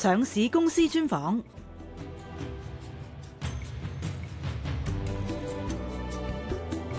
上市公司專訪，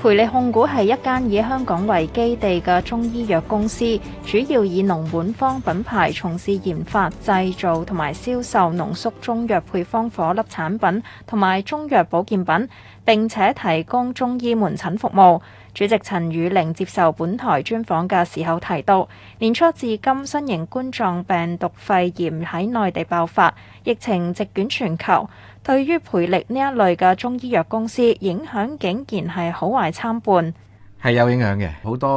培力控股係一間以香港為基地嘅中醫藥公司，主要以農本方品牌從事研發、製造同埋銷售濃縮中藥配方顆粒產品同埋中藥保健品。並且提供中醫門診服務。主席陳宇齡接受本台專訪嘅時候提到，年初至今新型冠狀病毒肺炎喺內地爆發，疫情席捲全球，對於培力呢一類嘅中醫藥公司影響，竟然係好壞參半。係有影響嘅，好多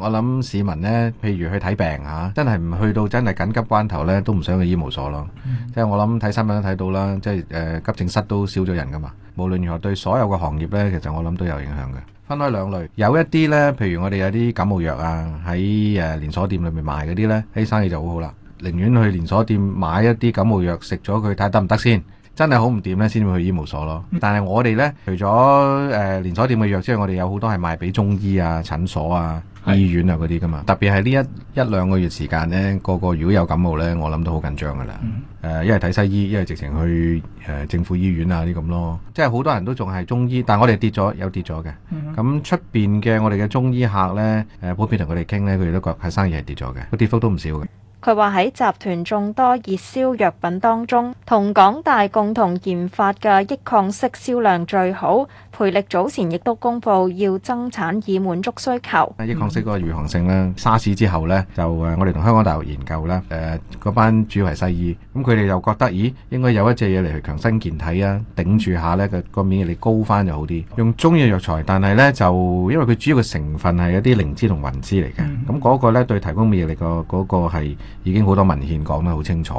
我諗市民呢，譬如去睇病吓，真係唔去到真係緊急關頭呢，都唔想去醫務所咯、嗯。即係我諗睇新聞都睇到啦，即係、呃、急症室都少咗人噶嘛。無論如何，對所有嘅行業呢，其實我諗都有影響嘅。分開兩類，有一啲呢，譬如我哋有啲感冒藥啊，喺誒連鎖店裏面賣嗰啲呢，嘿生意就好好啦，寧願去連鎖店買一啲感冒藥食咗佢睇得唔得先。真係好唔掂咧，先會去醫務所咯。但係我哋咧，除咗誒連鎖店嘅藥之外，我哋有好多係賣俾中醫啊、診所啊、醫院啊嗰啲噶嘛。特別係呢一一兩個月時間咧，個個如果有感冒咧，我諗都好緊張噶啦。誒，一係睇西醫，一係直情去誒政府醫院啊啲咁咯。即係好多人都仲係中醫，但係我哋跌咗，有跌咗嘅。咁出邊嘅我哋嘅中醫客咧，誒普遍同佢哋傾咧，佢哋都覺得生意係跌咗嘅，個跌幅都唔少嘅。佢話喺集團眾多熱銷藥品當中，同港大共同研發嘅益抗式銷量最好。培力早前亦都公布要增產以滿足需求。益康氏嗰個預防性啦，沙士之後咧就誒，我哋同香港大學研究咧，誒、呃、嗰班主要係西醫，咁佢哋又覺得，咦，應該有一隻嘢嚟去強身健體啊，頂住下咧個免疫力高翻就好啲。用中藥藥材，但係咧就因為佢主要嘅成分係一啲靈芝同雲芝嚟嘅，咁、嗯、嗰、那個咧對提供免疫力、那個嗰個係已經好多文獻講得好清楚。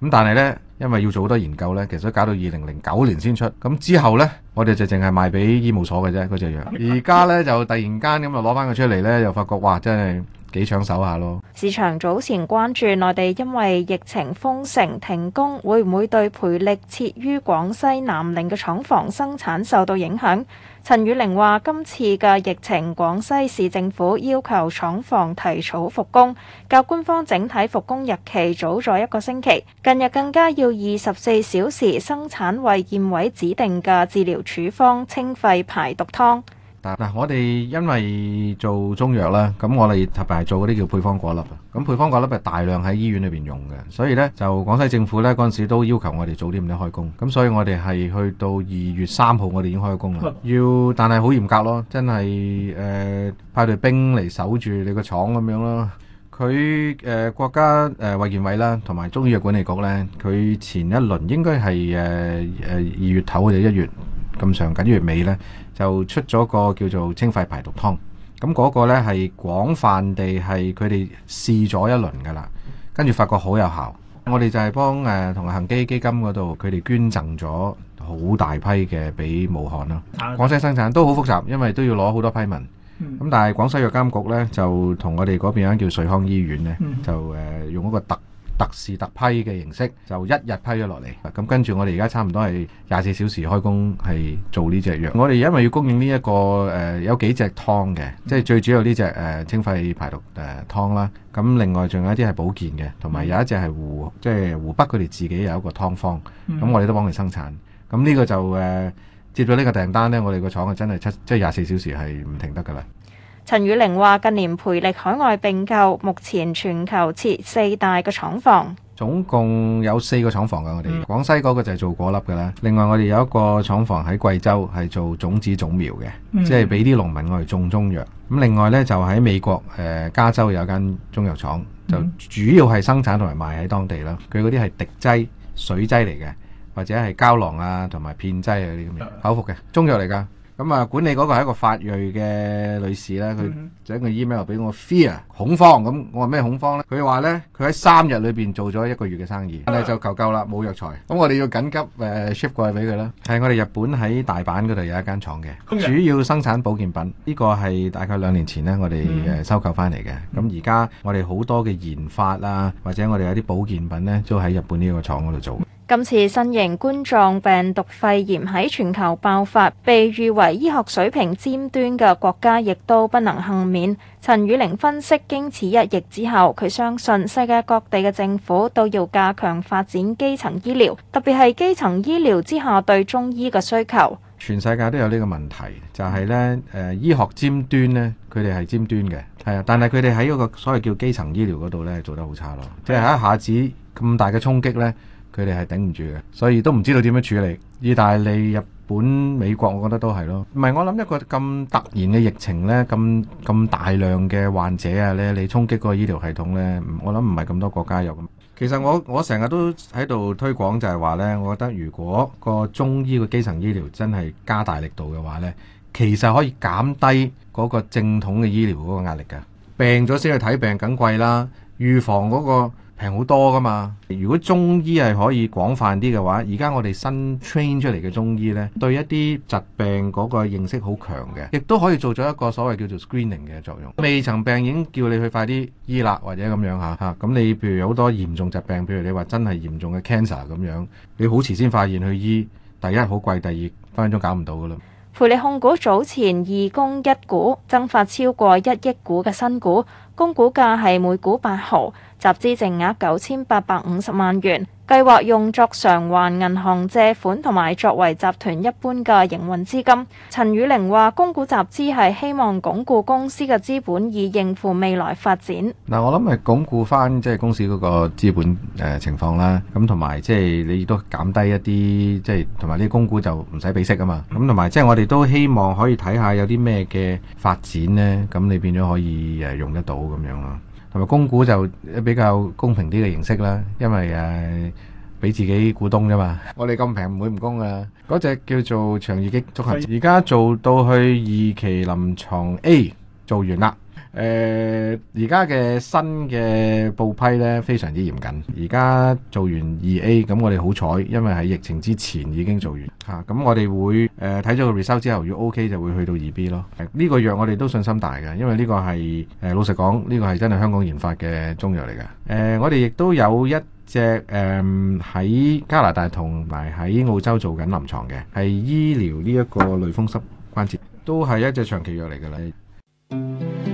咁但係咧。因為要做好多研究呢，其實搞到二零零九年先出，咁之後呢，我哋就淨係賣俾醫務所嘅啫，嗰隻藥。而家呢就突然間咁就攞翻佢出嚟呢，又發覺哇，真係～幾搶手下咯。市場早前關注內地因為疫情封城停工，會唔會對培力設於廣西南寧嘅廠房生產受到影響？陳宇齡話：今次嘅疫情，廣西市政府要求廠房提早復工，較官方整體復工日期早咗一個星期。近日更加要二十四小時生產為建委指定嘅治療處方清肺排毒湯。嗱我哋因為做中藥啦，咁我哋特別係做嗰啲叫配方顆粒。咁配方顆粒係大量喺醫院裏面用嘅，所以呢，就廣西政府呢嗰陣時都要求我哋早啲咁樣開工，咁所以我哋係去到二月三號，我哋已經開工啦。要，但係好嚴格咯，真係誒、呃、派隊兵嚟守住你個廠咁樣咯。佢誒、呃、國家誒衛健委啦，同埋中醫藥管理局呢，佢前一輪應該係誒二月頭或者一月。咁上緊月尾呢，就出咗個叫做清肺排毒湯，咁嗰個呢係廣泛地係佢哋試咗一輪㗎啦，跟住發覺好有效。我哋就係幫誒同恆基基金嗰度，佢哋捐贈咗好大批嘅俾武漢啦。廣西生產都好複雜，因為都要攞好多批文。咁但係廣西藥監局呢就同我哋嗰邊間叫瑞康醫院呢，就誒用一個特特事特批嘅形式，就一日批咗落嚟。咁跟住我哋而家差唔多係廿四小時開工，係做呢隻藥。我哋因為要供應呢、這、一個誒、呃，有幾隻湯嘅，即係最主要呢隻誒清肺排毒誒湯、呃、啦。咁另外仲有一啲係保健嘅，同埋有，有一隻係湖，即、就、係、是、湖北佢哋自己有一個湯方。咁我哋都幫佢生產。咁呢個就誒、呃、接到呢個訂單呢，我哋個廠就真係七，即係廿四小時係唔停得噶啦。陳宇齡話：近年培力海外併購，目前全球設四大個廠房，總共有四個廠房嘅我哋。廣、嗯、西嗰個就係做顆粒嘅啦，另外我哋有一個廠房喺貴州係做種子種苗嘅、嗯，即係俾啲農民我哋種中藥。咁另外呢，就喺美國誒、呃、加州有間中藥廠，就主要係生產同埋賣喺當地啦。佢嗰啲係滴劑、水劑嚟嘅，或者係膠囊啊，同埋片劑啊嗰啲口服嘅中藥嚟噶。咁啊，管理嗰個係一個法裔嘅女士咧，佢將個 email 又俾我，fear 恐慌，咁我話咩恐慌咧？佢話咧，佢喺三日裏邊做咗一個月嘅生意，但係就求救啦，冇藥材，咁我哋要緊急誒 ship 過去俾佢啦。係我哋日本喺大阪嗰度有一間廠嘅，主要生產保健品，呢個係大概兩年前咧我哋誒收購翻嚟嘅。咁而家我哋好多嘅研發啊，或者我哋有啲保健品咧，都喺日本呢個廠嗰度做。今次新型冠狀病毒肺炎喺全球爆發，被譽為醫學水平尖端嘅國家，亦都不能幸免。陳宇齡分析，經此一役之後，佢相信世界各地嘅政府都要加強發展基層醫療，特別係基層醫療之下對中醫嘅需求。全世界都有呢個問題，就係咧，誒醫學尖端咧，佢哋係尖端嘅，係啊，但係佢哋喺嗰個所謂叫基層醫療嗰度咧，做得好差咯，即係一下子咁大嘅衝擊咧。佢哋係頂唔住嘅，所以都唔知道點樣處理。意大利、日本、美國，我覺得都係咯。唔係我諗一個咁突然嘅疫情呢，咁咁大量嘅患者啊呢，你衝擊嗰個醫療系統呢，我諗唔係咁多國家有咁。其實我我成日都喺度推廣就係話呢，我覺得如果個中醫嘅基層醫療真係加大力度嘅話呢，其實可以減低嗰個正統嘅醫療嗰個壓力㗎。病咗先去睇病梗貴啦，預防嗰個。平好多噶嘛！如果中醫係可以廣泛啲嘅話，而家我哋新 train 出嚟嘅中醫呢，對一啲疾病嗰個認識好強嘅，亦都可以做咗一個所謂叫做 screening 嘅作用。未曾病已經叫你去快啲醫啦，或者咁樣嚇嚇。咁、啊、你譬如有好多嚴重疾病，譬如你話真係嚴重嘅 cancer 咁樣，你好遲先發現去醫，第一好貴，第二分分鐘搞唔到噶啦。培力控股早前二公一股增發超過一億股嘅新股。供股價係每股八毫，集資淨額九千八百五十萬元，計劃用作償還銀行借款同埋作為集團一般嘅營運資金。陳宇齡話：供股集資係希望鞏固公司嘅資本，以應付未來發展。嗱，我諗係鞏固翻即係公司嗰個資本誒、呃、情況啦，咁同埋即係你都減低一啲即係同埋啲供股就唔使俾息啊嘛，咁同埋即係我哋都希望可以睇下有啲咩嘅發展咧，咁你變咗可以誒用得到。咁樣咯，同埋供股就比較公平啲嘅形式啦，因為誒，俾自己股東啫嘛。我哋咁平，唔會唔供噶。嗰隻叫做腸易激綜合症，而家做到去二期臨床 A 做完啦。誒而家嘅新嘅報批呢，非常之嚴謹，而家做完二 A，咁我哋好彩，因為喺疫情之前已經做完嚇，咁、啊、我哋會誒睇咗個 result 之後，如果 OK 就會去到二 B 咯。呢、呢個藥我哋都信心大嘅，因為呢個係誒、呃、老實講，呢、呢個係真係香港研發嘅中藥嚟嘅。誒、呃，我哋亦都有一隻誒喺加拿大同埋喺澳洲做緊臨床嘅，係醫療呢一個類風濕關節，都係一隻長期藥嚟㗎啦。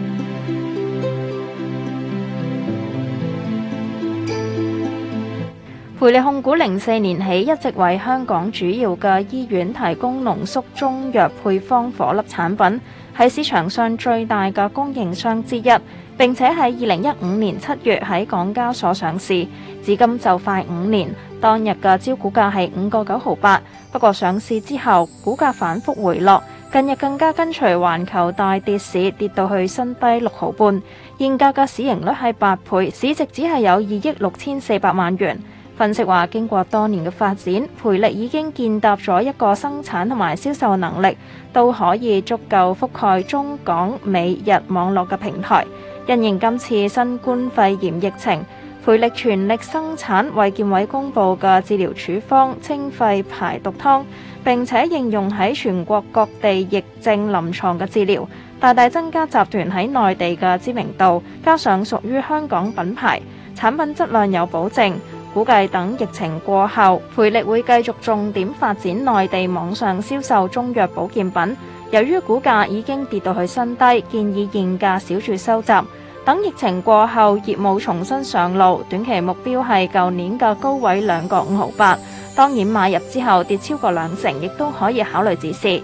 培力控股零四年起一直為香港主要嘅醫院提供濃縮中藥配方顆粒產品，係市場上最大嘅供應商之一，並且喺二零一五年七月喺港交所上市，至今就快五年。當日嘅招股價係五個九毫八，不過上市之後股價反覆回落，近日更加跟隨環球大跌市，跌到去新低六毫半。現價嘅市盈率係八倍，市值只係有二億六千四百萬元。分析話，經過多年嘅發展，培力已經建立咗一個生產同埋銷售能力，都可以足夠覆蓋中港美日網絡嘅平台。因應今次新冠肺炎疫情，培力全力生產衞健委公布嘅治療處方清肺排毒湯，並且應用喺全國各地疫症臨床嘅治療，大大增加集團喺內地嘅知名度，加上屬於香港品牌，產品質量有保證。估計等疫情過後，培力會繼續重點發展內地網上銷售中藥保健品。由於股價已經跌到去新低，建議現價小注收集。等疫情過後業務重新上路，短期目標係舊年嘅高位兩個五毫八。當然買入之後跌超過兩成，亦都可以考慮止蝕。